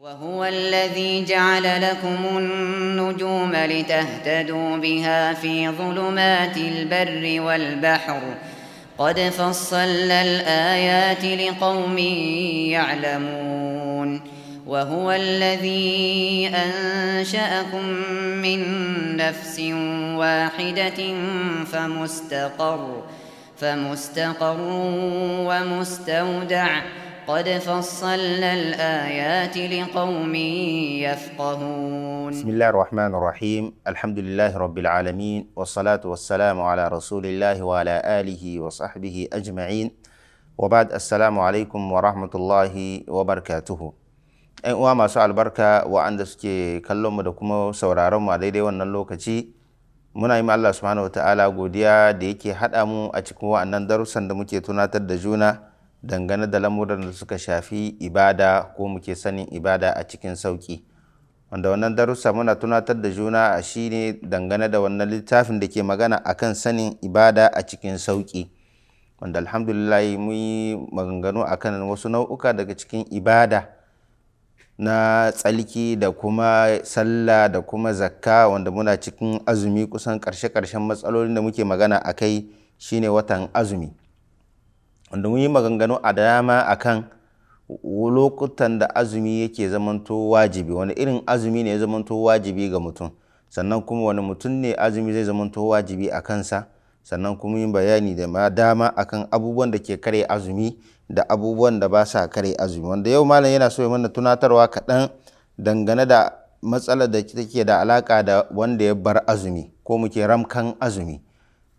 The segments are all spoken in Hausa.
وهو الذي جعل لكم النجوم لتهتدوا بها في ظلمات البر والبحر قد فصلنا الآيات لقوم يعلمون وهو الذي أنشأكم من نفس واحدة فمستقر فمستقر ومستودع ومستودع قد فصلنا الآيات لقوم يفقهون بسم الله الرحمن الرحيم الحمد لله رب العالمين والصلاة والسلام على رسول الله وعلى آله وصحبه أجمعين وبعد السلام عليكم ورحمة الله وبركاته أي أمام سؤال بركة وعندسك كلهم دكما سورارم وعليدي ونالو كتي muna yi Allah subhanahu wa ta'ala godiya da yake haɗa mu a cikin waɗannan darussan da muke dangane da lamuran da suka shafi ibada ko muke sanin ibada a cikin sauki wanda wannan darussa muna tunatar da juna a shi ne dangane da wannan littafin da ke magana a kan sanin ibada a cikin sauki wanda alhamdulillah mun yi maganganu a kan wasu nau'uka daga cikin ibada na tsalki da kuma sallah da kuma zakka wanda muna cikin azumi kusan ƙarshe karshen matsalolin da muke magana a kai shine watan azumi wanda mun yi maganganu a dama akan lokutan da azumi yake zamanto wajibi wani irin azumi ne ya zamanto wajibi ga mutum sannan kuma wani mutum ne azumi zai zamanto wajibi a kansa sannan kuma yin bayani da ma dama akan abubuwan da ke kare azumi da abubuwan da ba sa kare azumi wanda yau malam yana so ya mana tunatarwa kaɗan dangane da matsalar da take da alaƙa da wanda ya bar azumi ko muke ramkan azumi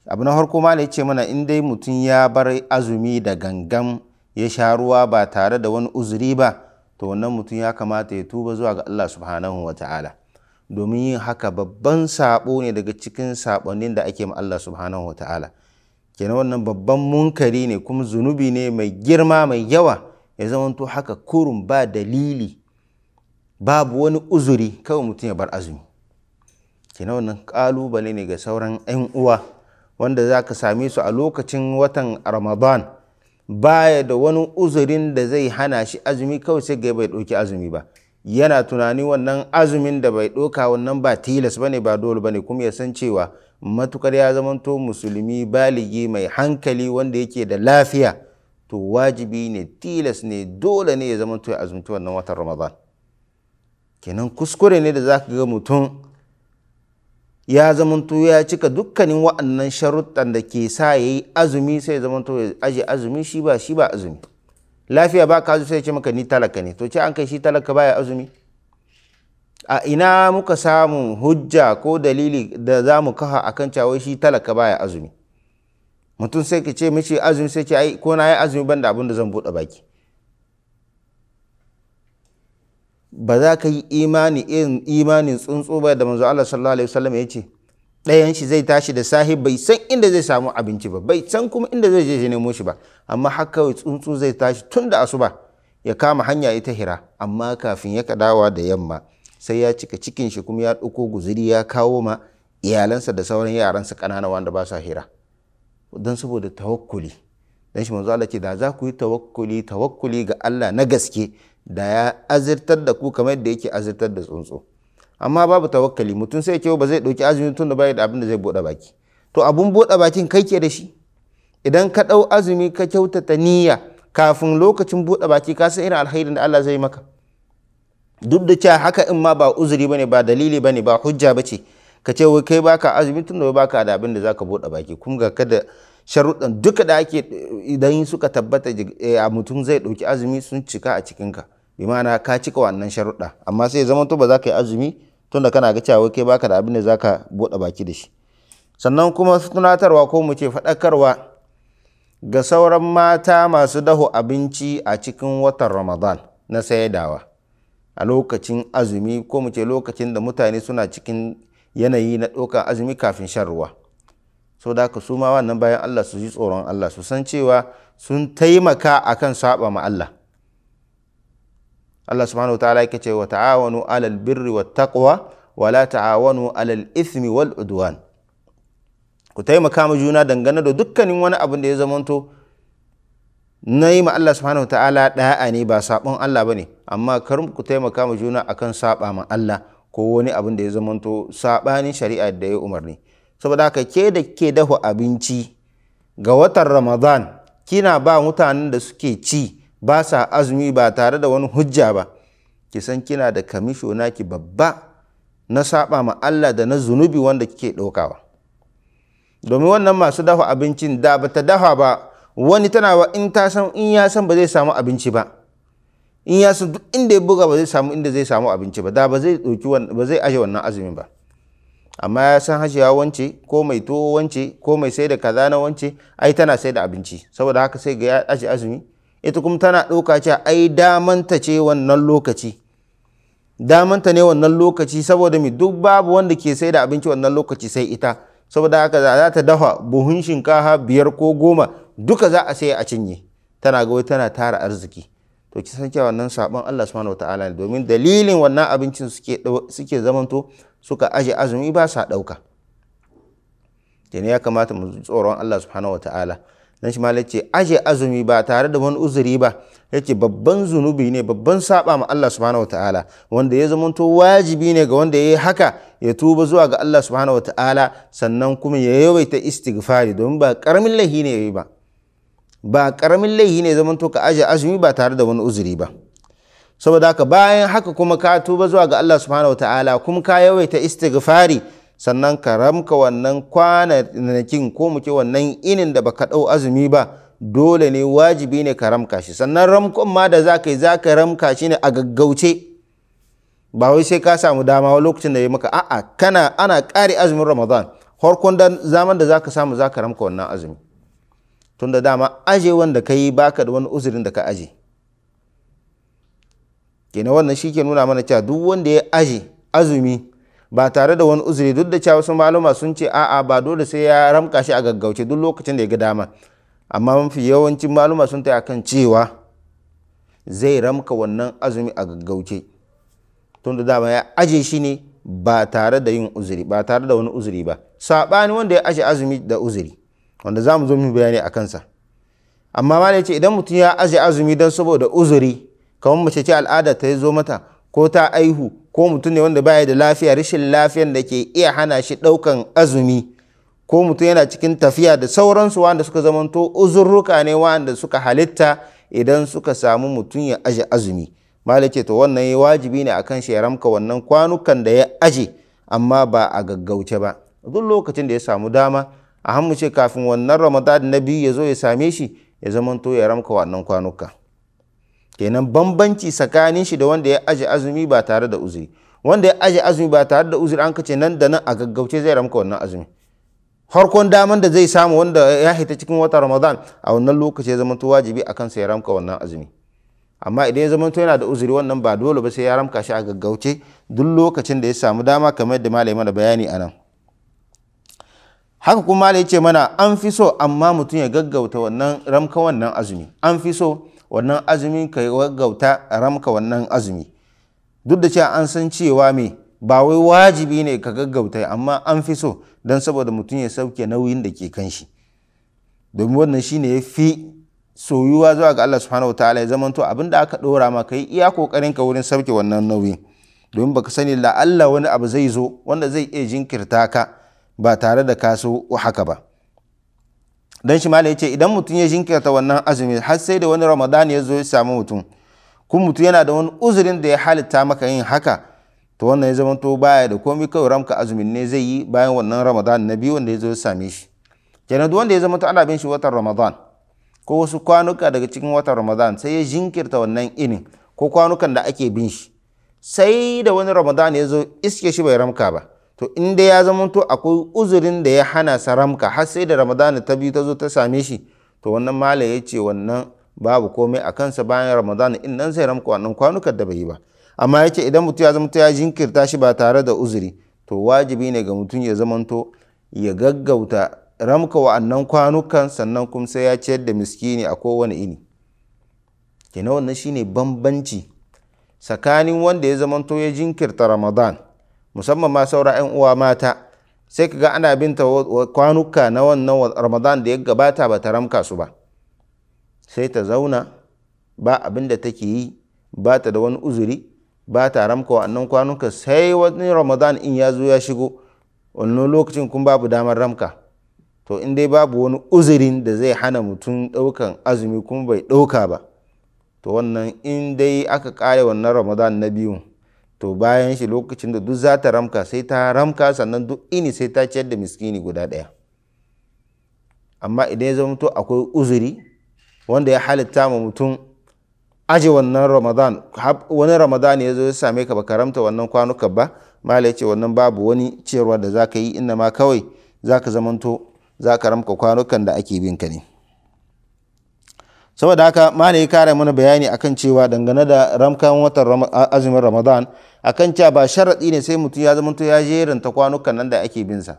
abu na harko ma ce mana in dai mutum ya bar azumi da gangan ya sha ruwa ba tare da wani uzuri ba to wannan mutum ya kamata ya tuba zuwa ga Allah subhanahu wa ta'ala domin yin haka babban sabo ne daga cikin saɓonin da ake ma Allah subhanahu wa ta'ala kenan wannan babban munkari ne kuma zunubi ne mai girma mai yawa ya zama zamanto haka kurun ba dalili babu wani uzuri kawai mutum ya bar azumi kenan wannan kalubale ne ga sauran 'yan uwa wanda za ka same su a lokacin watan ramadan baya da wani uzurin da zai hana shi azumi kawai sai ga bai ɗauki azumi ba yana tunani wannan azumin da bai ɗauka wannan ba tilas ba ne ba dole ba ne kuma ya san cewa matukar ya zamanto musulmi baligi mai hankali wanda yake da lafiya to wajibi ne tilas ne dole ne ya zamanto ya azumta wannan watan ramadan kenan kuskure ne da za ka ga mutum ya zamanto ya cika dukkanin wa'annan sharuɗan da ke sa ya yi azumi sai ya zamanto ya aje azumi shi ba shi ba azumi lafiya ba ka sai ce maka ni talaka ne to ce an kai shi talaka baya azumi a ina muka samu hujja ko dalili da za mu kaha a kan cewa shi talaka baya azumi mutum sai ka ce mishi azumi sai ce ai ko na yi azumi ban da abin da zan buɗe baki ba za ka yi imani irin imanin tsuntsu ba da manzo Allah sallallahu alaihi wasallam ya ce ɗayan shi zai tashi da sahi bai san inda zai samu abinci ba bai san kuma inda zai je ya nemo shi ba amma har kawai tsuntsu zai tashi tun da asuba ya kama hanya ita hira amma kafin ya kadawa da yamma sai ya cika cikin shi kuma ya ɗauko guziri ya kawo ma iyalansa da sauran yaransa kanana wanda ba sa hira don saboda tawakkuli dan shi manzo Allah ce da za ku yi tawakkuli tawakkuli ga Allah na gaske da ya azirtar da ku kamar yadda yake azirtar da tsuntsu amma babu tawakkali mutum sai kyau ba zai dauki azumi tun da bai da abin da zai buɗe baki to abun buɗe bakin kai ke da shi idan ka ɗau azumi ka kyautata niyya kafin lokacin buɗe baki ka san irin alkhairin da Allah zai maka duk da cewa haka in ma ba uzuri bane ba dalili bane ba hujja bace ka ce wai kai baka azumi tun da baka da abin da zaka buɗe baki kun ga kada sharuɗan duka da ake idan suka tabbata eh, a mutum zai ɗauki azumi sun cika a cikinka bi ma'ana ka cika wannan sharuɗa amma sai zama to ba za ka yi azumi tunda kana ga cewa kai baka da abin da za ka buɗe baki da shi sannan kuma tunatarwa ko mu ce faɗakarwa ga sauran mata masu daho abinci a cikin watan ramadan na sayadawa a lokacin azumi ko mu ce lokacin da mutane suna cikin yanayi na ɗaukar azumi kafin shan ruwa so da ka su wannan bayan Allah su yi tsoron Allah su san cewa sun taimaka akan saba ma Allah Allah subhanahu wa ta'ala yake ce wa ta'awanu alal birri wa taqwa wa la ta'awanu alal ithmi wal udwan ku taimaka ma juna dangane da dukkanin wani abin da ya zamanto na yi ma Allah subhanahu wa ta'ala da'a ne ba sabon Allah ba ne amma kar ku taimaka ma juna akan saba ma Allah ko wani abin da ya zamanto sabanin shari'a da ya umarni saboda haka ke da ke dafa abinci ga watan ramadan kina ba mutanen da suke ci ba sa azumi ba tare da wani hujja ba ki san kina da kamisho ki babba na saba ma Allah da na zunubi wanda kike ɗaukawa domin wannan masu dafa abincin da ba ta dafa ba wani tana wa in ta san in ya san ba zai samu abinci ba in ya san duk inda ya buga ba zai samu inda zai samu abinci ba da ba zai ɗauki ba zai aje wannan azumin ba amma ya san hajiya wance ko mai tuwo wance ko mai sai da kaza na wance ai tana sai da abinci saboda haka sai ga ya aji azumi ita kuma tana ɗauka cewa ai damanta ce wannan lokaci damanta ne wannan lokaci saboda mi duk babu wanda ke sai da abinci wannan lokaci sai ita saboda haka za ta dafa buhun shinkafa biyar ko goma duka za a sai a cinye tana ga tana tara arziki to ki san cewa wannan sabon Allah subhanahu wataala ne domin dalilin wannan abincin suke suke zamanto suka aje azumi ba sa dauka kenan ya kamata mu tsoron Allah subhanahu wataala dan shi malai ce aje azumi ba tare da wani uzuri ba yace babban zunubi ne babban saba ma Allah subhanahu wataala wanda ya zamanto wajibi ne ga wanda yayi haka ya tuba zuwa ga Allah subhanahu wataala sannan kuma ya yawaita istighfari domin ba karamin lahi ne yayi ba ba karamin laihi ne zaman to ka aje azumi ba tare da wani uzuri ba saboda haka bayan haka kuma ka tuba zuwa ga Allah subhanahu wataala kuma ka yawaita istighfari sannan ka ramka wannan kwanakin ko muke wannan inin da baka dau azumi ba dole ne wajibi ne ka ramka shi sannan ramkon ma da za ka yi za ramka shi ne a gaggauce ba wai sai ka samu dama wa lokacin da ya maka a'a kana ana ƙari azumin ramadan farkon zaman da za ka samu za ramka wannan azumi tunda dama aje wanda ka baka da wani uzurin da ka aje kenan wannan shi ke nuna mana cewa duk wanda ya aje azumi ba tare da wani uzuri duk da cewa wasu maluma sun ce a'a ba dole sai ya ramka shi a gaggauce duk lokacin da ya ga dama amma mafi yawancin maluma sun ta akan cewa zai ramka wannan azumi a gaggauce tunda dama ya aje shi ne ba tare da yin uzuri ba tare da wani uzuri ba saɓani wanda ya aje azumi da uzuri wanda za mu zo mu bayani a kansa amma ma ce idan mutum ya aje azumi don saboda uzuri kamar mace ce al'ada ta zo mata ko ta aihu ko mutum ne wanda baya da lafiya rashin lafiyan da ke iya hana shi ɗaukan azumi ko mutum yana cikin tafiya da sauransu wanda suka zamanto uzurruka ne wanda suka halitta idan suka samu mutum ya aje azumi malai ce to wannan ya wajibi ne akan shi ya ramka wannan kwanukan da ya aje amma ba a gaggauce ba duk lokacin da ya samu dama a mu ce kafin wannan ramadan na biyu ya zo ya same shi ya to ya ramka wannan kwanuka kenan bambanci tsakanin shi da wanda ya aje azumi ba tare da uzuri wanda ya aje azumi ba tare da uzuri an kace nan da nan a gaggauce zai ramka wannan azumi harkon daman da zai samu wanda ya hita cikin wata ramadan a wannan lokaci ya to wajibi a kansa ya ramka wannan azumi amma idan ya zamanto yana da uzuri wannan ba dole ba sai ya ramka shi a gaggauce duk lokacin da ya samu dama kamar yadda malai da bayani a nan haka kuma ya ce mana an fi so amma mutum ya gaggauta wannan ramka wannan azumi an fi so wannan azumi ka gaggauta ramka wannan azumi duk da cewa an san cewa mai ba wai wajibi ne ka gaggauta amma an fi so don saboda mutum ya sauke nauyin da ke kan shi domin wannan shi ne ya fi soyuwa zuwa ga Allah subhanahu ta'ala ya zamanto abin da aka ɗora ma yi iya kokarin ka wurin sauke wannan nauyin domin baka sani la'alla wani abu zai zo wanda zai iya jinkirta ka ba tare da kaso haka ba dan shi malai ce idan mutum ya jinkirta wannan azumi har sai da wani ramadan ya zo ya samu mutum kun mutum yana da wani uzurin da ya halitta maka yin haka to wannan ya zama to baya da komai kawai ramka azumin ne zai yi bayan wannan ramadan na biyu wanda ya zo ya same shi kenan duk wanda ya zama to ana bin shi watan ramadan ko wasu kwanuka daga cikin watan ramadan sai ya jinkirta wannan inin ko kwanukan da ake bin shi sai da wani ramadan ya zo iske shi bai ramka ba to in dai ya to akwai uzurin da ya hana sa ramka har sai da ramadana ta biyu ta zo ta same shi to wannan mala ya ce wannan babu komai a kansa bayan ramadana in nan sai ramka wannan kwanukan da bai yi ba amma ya ce idan mutum ya to ya jinkirta shi ba tare da uzuri to wajibi ne ga mutum ya to ya gaggauta ramka wa'annan kwanukan sannan kuma sai ya ciyar da miskini a kowane ini kenan wannan shine bambanci tsakanin wanda ya zamanto ya jinkirta Ramadana. musamman ma saura 'yan uwa mata sai ka ga ana binta kwanuka na wannan ramadan da ya gabata ba ta ramka su ba sai ta zauna ba abin da take yi ba ta da wani uzuri ba ta ramka wannan kwanuka sai wani ramadan in ya zo ya shigo wannan lokacin kun babu damar ramka to in dai babu wani uzurin da zai hana mutum ɗaukan azumi kuma bai ɗauka ba to wannan in dai aka ƙare wannan ramadan na biyun to bayan shi lokacin da duk za ta ramka sai ta ramka sannan duk ini sai ta ciyar da miskini guda ɗaya amma idan ya zama to akwai uzuri wanda ya halitta ma mutum aje wannan ramadan wani ramadan ya zo ya same ka ba karamta wannan kwanuka ba ya ce wannan babu wani ciyarwa da za ka yi inna ma kawai za ka zamanto za ka ramka kwanukan da ake bin ka ne saboda haka malai kare mana bayani akan cewa dangane da ramkan watan azumin ramadan akan cewa ba sharaɗi ne sai mutum ya zama ya jeranta kwanukan nan da ake bin sa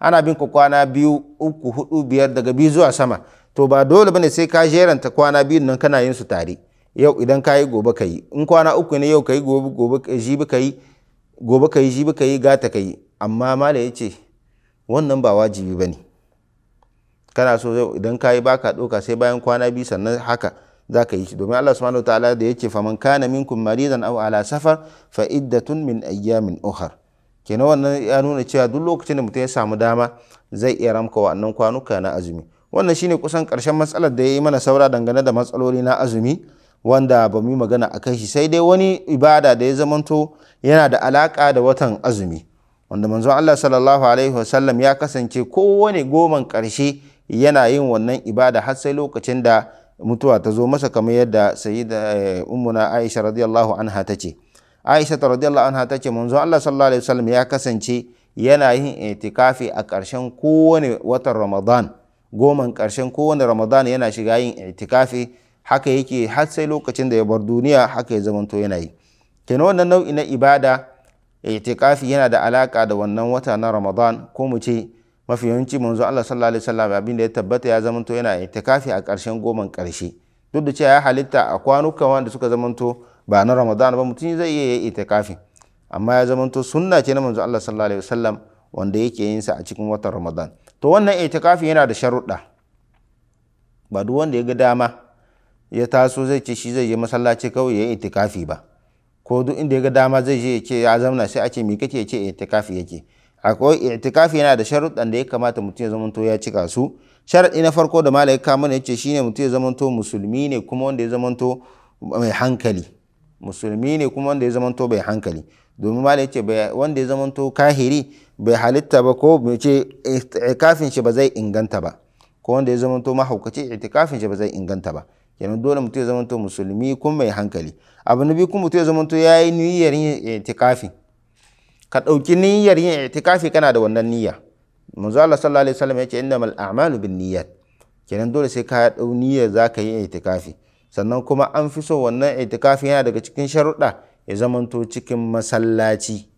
ana bin ka kwana biyu uku hudu biyar daga biyu zuwa sama to ba dole bane sai ka ta kwana biyu nan kana yin su tare yau idan ka yi gobe ka yi in kwana uku ne yau ka yi gobe gobe jibi ka yi gobe ka yi jibi ka yi gata ka yi amma malai ya ce wannan ba wajibi bane kana so idan ka yi baka ɗauka sai bayan kwana biyu sannan haka za ka yi shi domin Allah subhanahu ta'ala da yake faman kana minkum maridan aw ala safar fa iddatun min ayyamin ukhar kenan wannan ya nuna cewa duk lokacin da mutum ya samu dama zai iya ramka wannan kwanuka na azumi wannan shine kusan karshen matsalar da ya yi mana saura dangane da matsaloli na azumi wanda ba mu magana a kai shi sai dai wani ibada da ya zamanto yana da alaka da watan azumi wanda manzon Allah sallallahu alaihi wasallam ya kasance kowane goman karshe yana yin wannan ibada har sai lokacin da mutuwa ta zo masa kamar yadda sayyida eh, ummuna Aisha radiyallahu anha ta ce Aisha radiyallahu anha ta ce manzo Allah sallallahu alaihi wasallam ya kasance yana yin itikafi a ƙarshen kowane watan Ramadan goman ƙarshen kowane Ramadan yana shiga yin itikafi haka yake har sai lokacin da ya bar duniya haka ya zamanto yana yi kenan wannan nau'i na ibada itikafi yana da alaka da wannan wata na Ramadan ko mu ce mafi yawanci manzo Allah sallallahu alaihi wasallam abin da ya tabbata ya zamanto yana itikafi a ƙarshen goman ƙarshe duk da cewa ya halitta a kwanuka wanda suka zamanto ba na Ramadan ba mutum zai iya yin itikafi amma ya zamanto sunna ce na manzo Allah sallallahu alaihi wasallam wanda yake yin sa a cikin watan Ramadan to wannan itikafi yana da sharuɗa ba duk wanda ya ga dama ya taso zai ce shi zai je masallaci kawai ya yi itikafi ba ko duk inda ya ga dama zai je ya ce ya zamna sai a ce me kake ya ce itikafi yake akwai i'tikafi yana da sharuɗan da ya kamata mutum ya zamanto ya cika su sharaɗi na farko da malaka kama ne ce shine mutum ya zamanto musulmi ne kuma wanda ya zamanto mai hankali musulmi ne kuma wanda ya zamanto bai hankali domin ya ce wanda ya zamanto kahiri bai halitta ba ko mai ce i'tikafin shi ba zai inganta ba ko wanda ya zamanto mahaukaci i'tikafin shi ba zai inganta ba kenan dole mutum ya zamanto musulmi kuma mai hankali abu na biyu kuma mutum ya zamanto yi niyyar yin i'tikafi ka ɗauki niyyar yin itikafi kana da wannan niyya manzo Allah sallallahu alaihi wasallam yace mal a'malu bin niyyat kenan dole sai ka ɗau niyyar ka yi itikafi sannan kuma an fi so wannan itikafi yana daga cikin sharuɗa ya zamanto cikin masallaci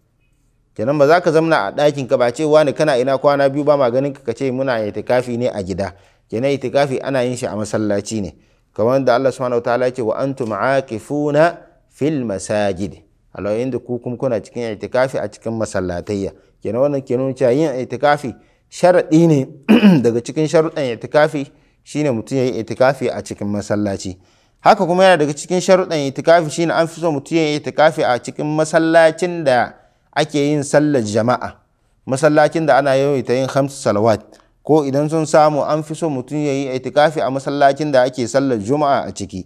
kenan ba za ka zamna a ɗakin ka ba ce wani kana ina kwana biyu ba maganin ka ce muna itikafi ne a gida kenan itikafi ana yin shi a masallaci ne kamar da Allah subhanahu wa ta'ala ce wa antum aakifuna fil masajid Allah yayin da ku kuma kuna cikin itikafi a cikin masallatayya kenan wannan ke nuna cewa yin itikafi sharadi ne daga cikin sharuɗan itikafi shine mutum ya yi itikafi a cikin masallaci haka kuma yana daga cikin sharuɗan itikafi shine an fi so mutum ya yi itikafi a cikin masallacin da ake yin sallar jama'a masallacin da ana yawaita yin hamsu salawat ko idan sun samu an fi so mutum ya yi itikafi a masallacin da ake sallar juma'a a ciki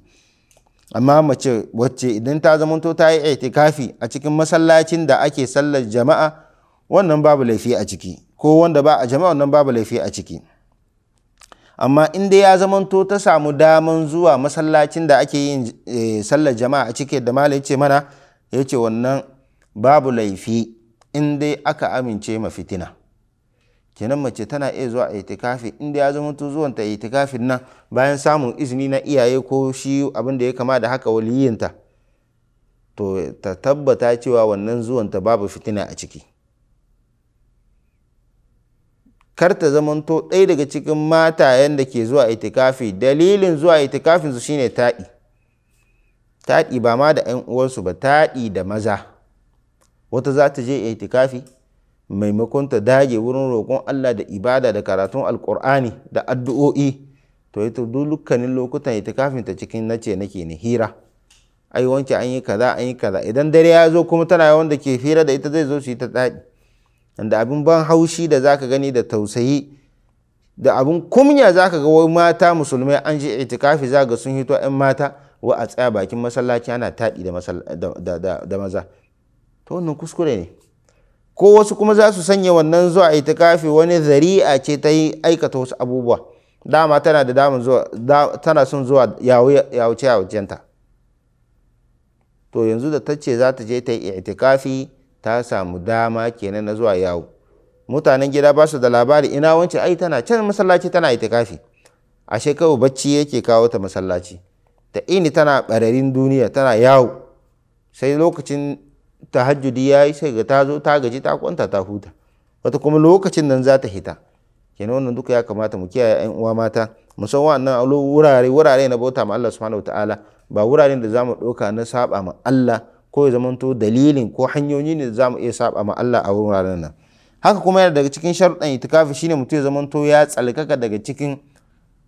amma mace wacce idan ta zamanto ta yi itikafi a cikin masallacin da ake sallar jama'a wannan babu laifi a ciki ko wanda ba a jama'a wannan babu laifi a ciki amma inda ya zamanto ta samu daman zuwa masallacin da ake yin eh, sallar jama'a a ciki da malai ce mana ya ce wannan babu laifi in dai aka amince ma fitina kenan mace tana iya zuwa a itikafi inda ya zama to zuwan ta itikafin nan bayan samun izini na iyaye ko shi abinda ya kama da haka waliyinta to ta tabbata cewa wannan zuwanta babu fitina a ciki kar ta zamanto ɗaya daga cikin matayen da ke zuwa itikafi dalilin zuwa itikafin su shine taɗi taɗi ba ma da 'yan uwansu ba taɗi da maza wata za ta je itikafi maimakon ta dage wurin roƙon Allah da ibada da karatun alƙur'ani da addu'o'i to ita dukkanin lokutan ita kafin ta cikin nace nake ne hira ai wanke an yi kaza an yi kaza idan dare ya zo kuma tana yawan da ke hira da ita zai zo su yi ta daɗi da abin ban haushi da zaka gani da tausayi da abin kunya zaka ga wai mata musulmai an je itikafi za ga sun hito 'yan mata wa a tsaya bakin masallaci ana taɗi da maza to wannan kuskure ne ko wasu kuma za su sanya wannan zuwa itikafi wani zari'a ce ta yi aikata wasu abubuwa dama tana da damun zuwa tana son zuwa yawuce wajenta to yanzu da ta ce za ta je ta yi itikafi ta samu dama kenan na zuwa yawo mutanen gida ba su da labari ina wancan ai tana can masallaci tana itikafi a shekaru bacci yake kawo ta masallaci ta ini tana bararin duniya tana yawo sai lokacin tahajjudi ya yi sai ga ta zo ta gaji ta kwanta ta huta wata kuma lokacin nan za ta hita kenan wannan duka ya kamata mu kiyaye ƴan uwa mata musamman nan wurare wurare na bauta ma Allah subhanahu wataala ba wuraren da zamu ɗauka na saba ma Allah ko ya to dalilin ko hanyoyi ne da zamu iya saba ma Allah a wuraren nan haka kuma yana daga cikin sharuɗan itikafi shine mutum ya zamanto ya tsalkaka daga cikin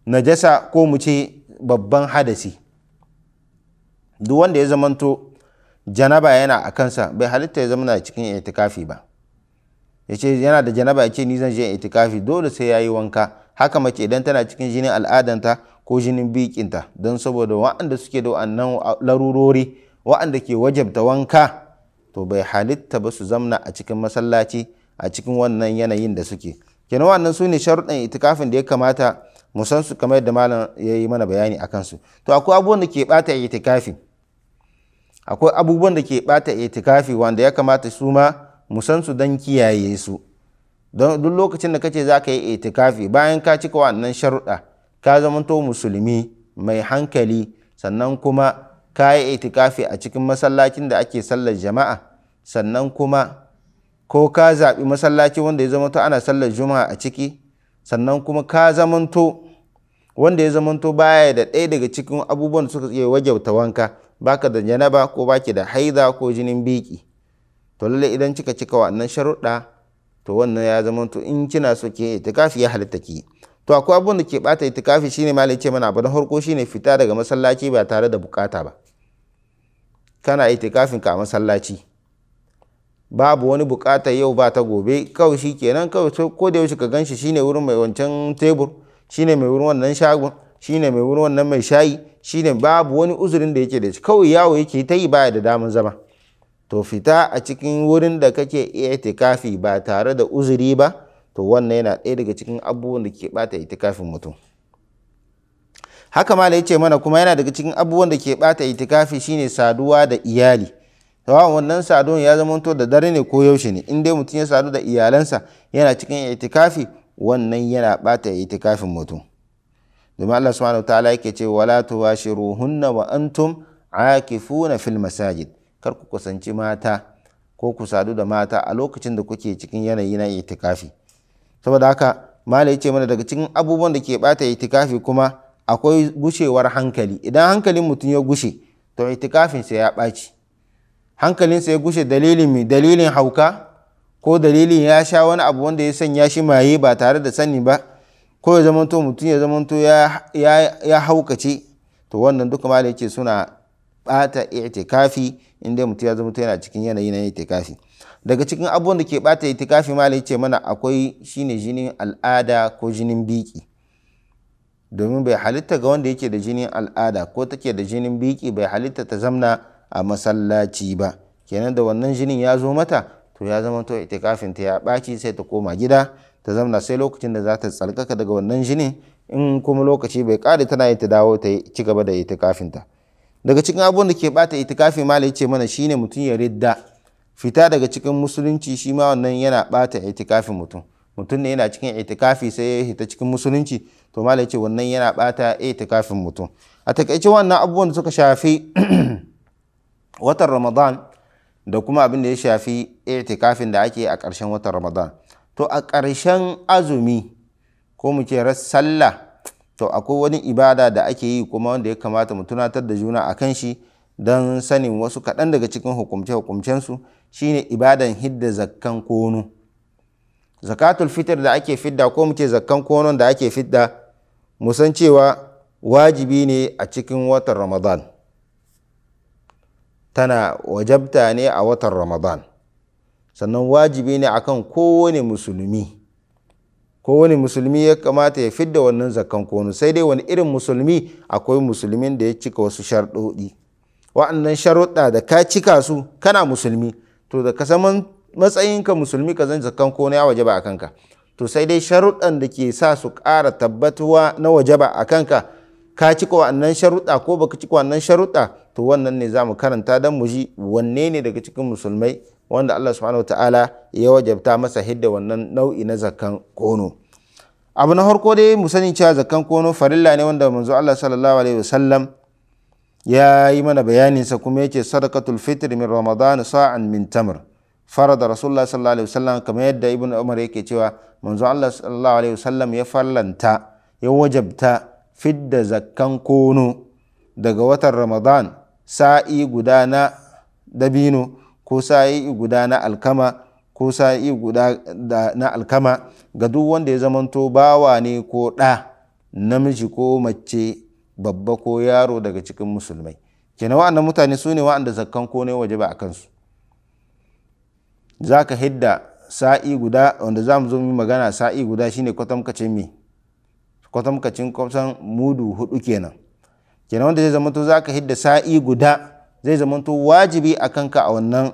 najasa ko mu ce babban hadasi duk wanda ya zamanto janaba yana a kansa bai halitta ya zamana cikin itikafi ba ya yana da janaba ya ce ni zan je itikafi dole sai ya yi wanka haka mace idan tana cikin jinin al'adanta ko jinin bikinta don saboda wa'anda suke da wa'annan larurori wa'anda ke wajabta wanka to bai halitta ba su zamna a cikin masallaci a cikin wannan yanayin da suke kenan wannan su ne sharuɗan itikafin da ya kamata mu san su kamar yadda malam ya yi mana bayani a kansu to akwai abubuwan da ke bata itikafin akwai abubuwan da ke bata itikafi wanda ya kamata su ma mu san su don kiyaye su don duk lokacin da kace za ka yi itikafi bayan ka cika wannan sharuɗa ka zamanto musulmi mai hankali sannan kuma ka yi itikafi a cikin masallacin da ake sallar jama'a sannan kuma ko ka zaɓi masallaci wanda ya zamanto ana sallar juma'a a ciki sannan kuma ka zamanto wanda ya zamanto baya da ɗaya daga cikin abubuwan da suka iya wajauta wanka baka da janaba ko baki da haiza ko jinin biki to lalle idan kika cika wannan sharuɗa to wannan ya zama to in kina so ke itikafi ya halitta ki to akwai abun da ke bata itikafi shine malai ce mana abu harko farko shine fita daga masallaci ba tare da bukata ba kana itikafin ka a masallaci babu wani bukata yau ba ta gobe kawai shi kenan kawai ko da yaushe ka ganshi shine wurin mai wancan tebur shine mai wurin wannan shagon shine mai wurin wannan mai shayi shine babu wani uzurin da yake da shi kawai yawo yake ta yi baya da daman zama to fita a cikin wurin da kake iya itikafi ba tare da uzuri ba to wannan yana ɗaya daga cikin abubuwan da ke bata itikafin mutum haka ya ce mana kuma yana daga cikin abubuwan da ke bata itikafi shine saduwa da iyali tawa wannan saduwan ya zama to da dare ne ko yaushe ne in dai mutum ya sadu da iyalansa yana cikin itikafi wannan yana bata itikafin mutum domin Allah subhanahu wa ta'ala yake ce wala tubashiruhunna wa antum akifuna fil masajid kar ku kusanci mata ko ku sadu da mata a lokacin da kuke cikin yanayi na itikafi saboda haka mala ya ce mana daga cikin abubuwan da ke bata itikafi kuma akwai gushewar hankali idan hankalin mutum ya gushe to itikafin sa ya baci hankalin sa ya gushe dalilin mi dalilin hauka ko dalilin ya sha wani abu wanda ya sanya shi maye ba tare da sani ba ko ya zamanto mutum ya zamanto ya haukace to wannan duka malai ce suna bata i'tikafi inda mutum ya zamanto yana cikin yanayi na i'tikafi daga cikin abubuwan da ke bata itikafi malai ce mana akwai shine jinin al'ada ko jinin biki domin bai halitta ga wanda yake da jinin al'ada ko take da jinin biki bai halitta ta zamna a masallaci ba kenan da wannan jinin ya zo mata to ya zama to itikafin ta ya baki sai ta koma gida ta zamna sai lokacin da za ta tsalkaka daga wannan jinin in kuma lokaci bai kare tana yi ta dawo ta ci gaba da itikafin ta daga cikin abubuwan da ke bata itikafi malai ce mana shine mutum ya ridda fita daga cikin musulunci shi ma wannan yana bata itikafi mutum mutum ne yana cikin itikafi sai ya fita cikin musulunci to malai ce wannan yana bata itikafin mutum a takaice wannan abubuwan da suka shafi watan ramadan da kuma abin da ya shafi itikafin da ake a ƙarshen watan ramadan to a ƙarshen azumi ko mu ce sallah to akwai wani ibada da ake yi kuma wanda ya kamata mu tunatar da juna a kan shi don sanin wasu kaɗan daga cikin hukumce-hukumcensu shine ibadan hidda zakkan kono zakatul fitar da ake fidda ko mu ce zakkan konon da ake fidda mu san cewa wajibi ne a cikin watan ramadan tana wajabta ne a watan ramadan sannan wajibi ne akan kowane musulmi kowane musulmi ya kamata ya fidda wannan zakan konu sai dai wani irin musulmi akwai musulmin da ya cika wasu sharɗoɗi wa'annan sharuɗa da ka cika su kana musulmi to da ka saman matsayinka musulmi ka zan zakan konu ya waje ba a kanka to sai dai sharuɗan da ke sa su ƙara tabbatuwa na waje ba a kanka ka cika wa'annan sharuɗa ko baka cika wa'annan sharuɗa to wannan ne za mu karanta don mu ji wanne ne daga cikin musulmai wanda Allah subhanahu ta'ala ya wajabta masa hidda wannan nau'i na zakkan kono abu na harko dai mu sani cewa zakkan kono farilla ne wanda manzo Allah sallallahu alaihi wasallam ya yi mana sa kuma yace sadaqatul fitr min ramadan sa'an min tamr farada rasulullah sallallahu alaihi wasallam kamar yadda ibn umar yake cewa manzo Allah sallallahu alaihi wasallam ya farlanta ya wajabta fidda zakkan kono daga watan ramadan sa'i guda na dabino ko sa'i guda na alkama ko sa'i guda na alkama ga duk wanda ya zamanto bawa ne ko ɗa namiji ko mace babba ko yaro daga cikin musulmai kenan wa'annan mutane su ne wa'anda zakkan ko ne waje ba a kansu za ka hidda sa'i guda wanda za mu zo mu magana sa'i guda shine kwatamkacin me kwatamkacin kusan mudu hudu kenan kenan wanda zai zama to za ka hidda sa'i guda zai zamanto wajibi a kanka a wannan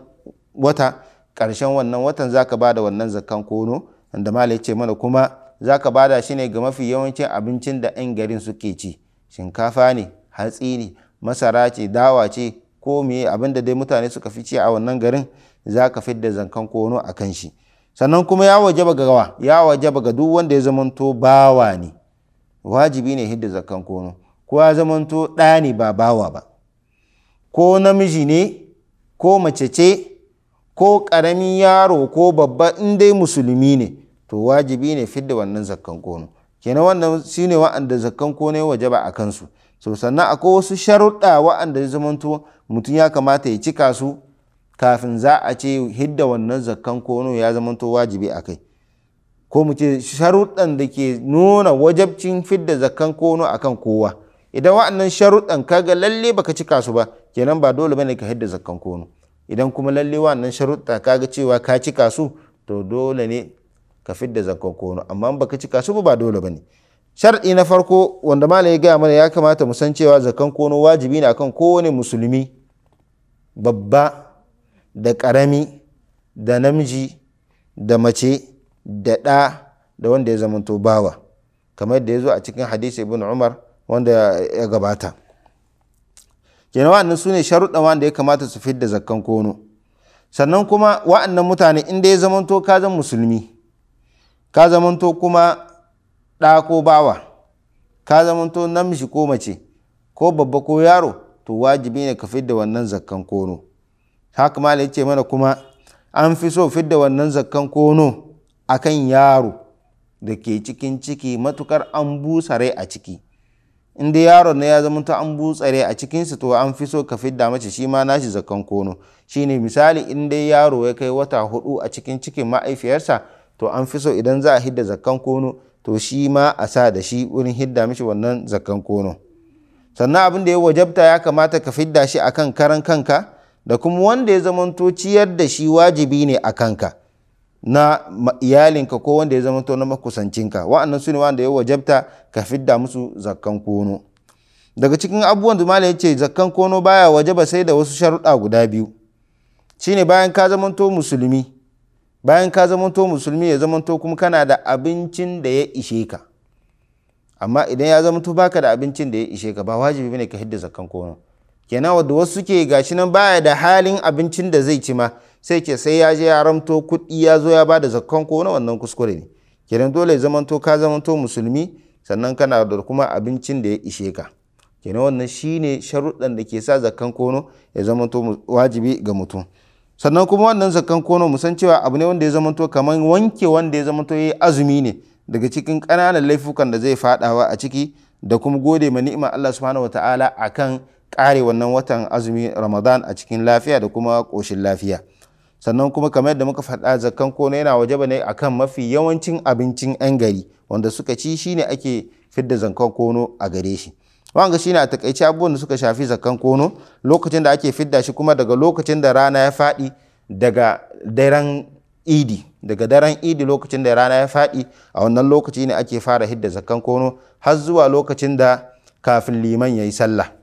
wata ƙarshen wannan watan za ka bada wannan zakan kono da malai ce mana kuma za ka bada shi ne ga mafi yawancin abincin da 'yan garin suke ci shinkafa ne hatsi ne masara ce dawa ce ko me abin da dai mutane suka fi ci a wannan garin za ka fidda zankan kono a kan shi sannan kuma ya waje ga gawa ya waje ba ga duk wanda ya zamanto bawa ne wajibi ne hidda zakan kono ko zamanto ɗa ne ba bawa ba ko namiji ne ko mace ce ko ƙaramin yaro ko babba in dai musulmi ne to wajibi ne fidda wannan zakkan kono kenan wannan shine wa'anda zakkan kono ya wajaba a kansu so sannan akwai wasu sharuɗa wa'anda ya zamanto mutum ya kamata ya cika su kafin za a ce hidda wannan zakkan kono ya zamanto wajibi a kai ko mu ce sharuɗan da ke nuna wajabcin fidda zakkan kono akan kowa idan wa'annan sharuɗan kaga lalle baka cika su ba kenan ba dole bane ka hidda zakkan kono idan kuma lalle wannan sharuɗa kaga cewa ka ci kasu to dole ne ka fidda zakkan kono amma in baka cika su ba dole bane sharɗi na farko wanda malam ya gaya mana ya kamata mu san cewa zakkan kono wajibi ne akan kowane musulmi babba da ƙarami da namiji da mace da ɗa da wanda ya zamanto bawa kamar yadda ya zo a cikin hadisi ibn umar wanda ya gabata kenan wa'annan su ne sharuɗan wanda ya kamata su fidda zakkan kono sannan kuma wa'annan mutane inda ya zamanto ka zan musulmi ka zamanto kuma ɗa ko bawa ka zamanto namiji ko mace ko babba ko yaro to wajibi ne ka fidda wannan zakkan kono haka malai ce mana kuma an fi so fidda wannan zakkan kono akan yaro da ke cikin ciki matukar an busa rai a ciki in dai yaron na ya zama ta an butsare a cikinsa to an fi so ka fidda mace shi ma nashi zakan kono shine misali in dai yaro ya kai wata hudu a cikin cikin ma'aifiyarsa to an fi so idan za a hidda zakan kono to shi ma a sa da shi wurin hidda mishi wannan zakan kono sannan abin da ya wajabta ya kamata ka fidda shi akan karan kanka da kuma wanda ya zamanto ciyar da shi wajibi ne a kanka na iyalinka ko wanda ya zamanto na makusancinka wa'annan su ne wanda ya wajabta ka fidda musu zakkan kono daga cikin abubuwan da malai yace zakkan kono baya wajaba sai da wasu sharuɗa guda biyu shine bayan ka to musulmi bayan ka to musulmi ya zamanto kuma kana da abincin da ya ishe ka amma idan ya to baka da abincin da ya ishe ka ba wajibi bane ka hidda zakkan kono kenan wadda wasu ke gashi nan baya da halin abincin da zai ci ma sai ke sai ya je ya ramto kuɗi ya zo ya bada zakkan ko na wannan kuskure ne kenan dole to ka to musulmi sannan kana da kuma abincin da ya ishe ka kenan wannan shine sharuɗan da ke sa zakkan kono ya to wajibi ga mutum sannan kuma wannan zakkan kono mu cewa abu ne wanda ya zamanto kamar wanke wanda ya ya yayi azumi ne daga cikin ƙananan laifukan da zai faɗawa a ciki da kuma gode ma ni'imar Allah subhanahu wataala akan ƙare wannan watan azumi ramadan a cikin lafiya da kuma ƙoshin lafiya sannan kuma kamar yadda muka faɗa zakan kono yana waje ne akan mafi yawancin abincin 'yan gari wanda suka ci shine ake fidda zankan kono a gare shi wanga shine a takaice abubuwan da suka shafi zakan kono lokacin da ake fidda shi kuma daga lokacin da rana ya faɗi daga daren idi daga daren idi lokacin da rana ya faɗi a wannan lokaci ne ake fara hidda zakan kono har zuwa lokacin da kafin liman ya yi sallah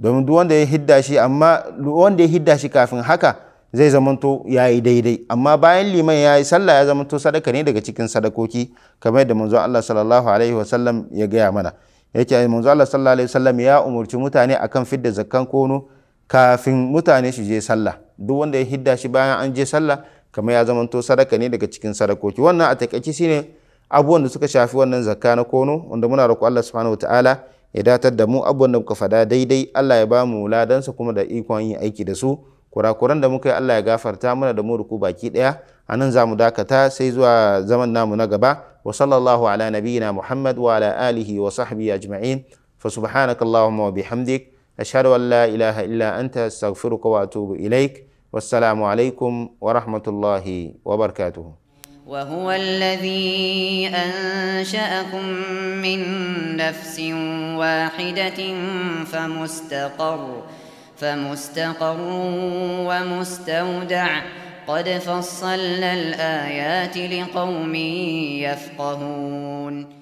domin duk wanda ya hidda shi amma wanda ya hidda shi kafin haka zai zamanto ya yi daidai amma bayan liman ya yi sallah ya zamanto sadaka ne daga cikin sadakoki kamar yadda manzo Allah sallallahu alaihi wasallam ya gaya mana yake manzo Allah sallallahu alaihi wasallam ya umurci mutane akan fidda zakkan kono kafin mutane su je sallah duk wanda ya hidda shi bayan an je sallah kamar ya zamanto sadaka ne daga cikin sadakoki wannan a takaice shine abubuwan da suka shafi wannan zakka na kono wanda muna roƙo Allah subhanahu wataala ya datar da mu abubuwan da muka fada daidai Allah ya bamu mu ladansa kuma da ikon yin aiki da su kurakuran da muka yi Allah ya gafarta mana da mu ruku baki daya anan zamu dakata sai zuwa zaman namu na gaba wa sallallahu ala nabiyyina muhammad wa ala alihi wa sahbihi ajma'in fa subhanaka allahumma wa bihamdik ashhadu an la ilaha illa anta astaghfiruka wa atubu ilaik والسلام عليكم ورحمه الله وبركاته وهو الذي أنشأكم من نفس واحدة فمستقر فمستقر ومستودع قد فصلنا الآيات لقوم يفقهون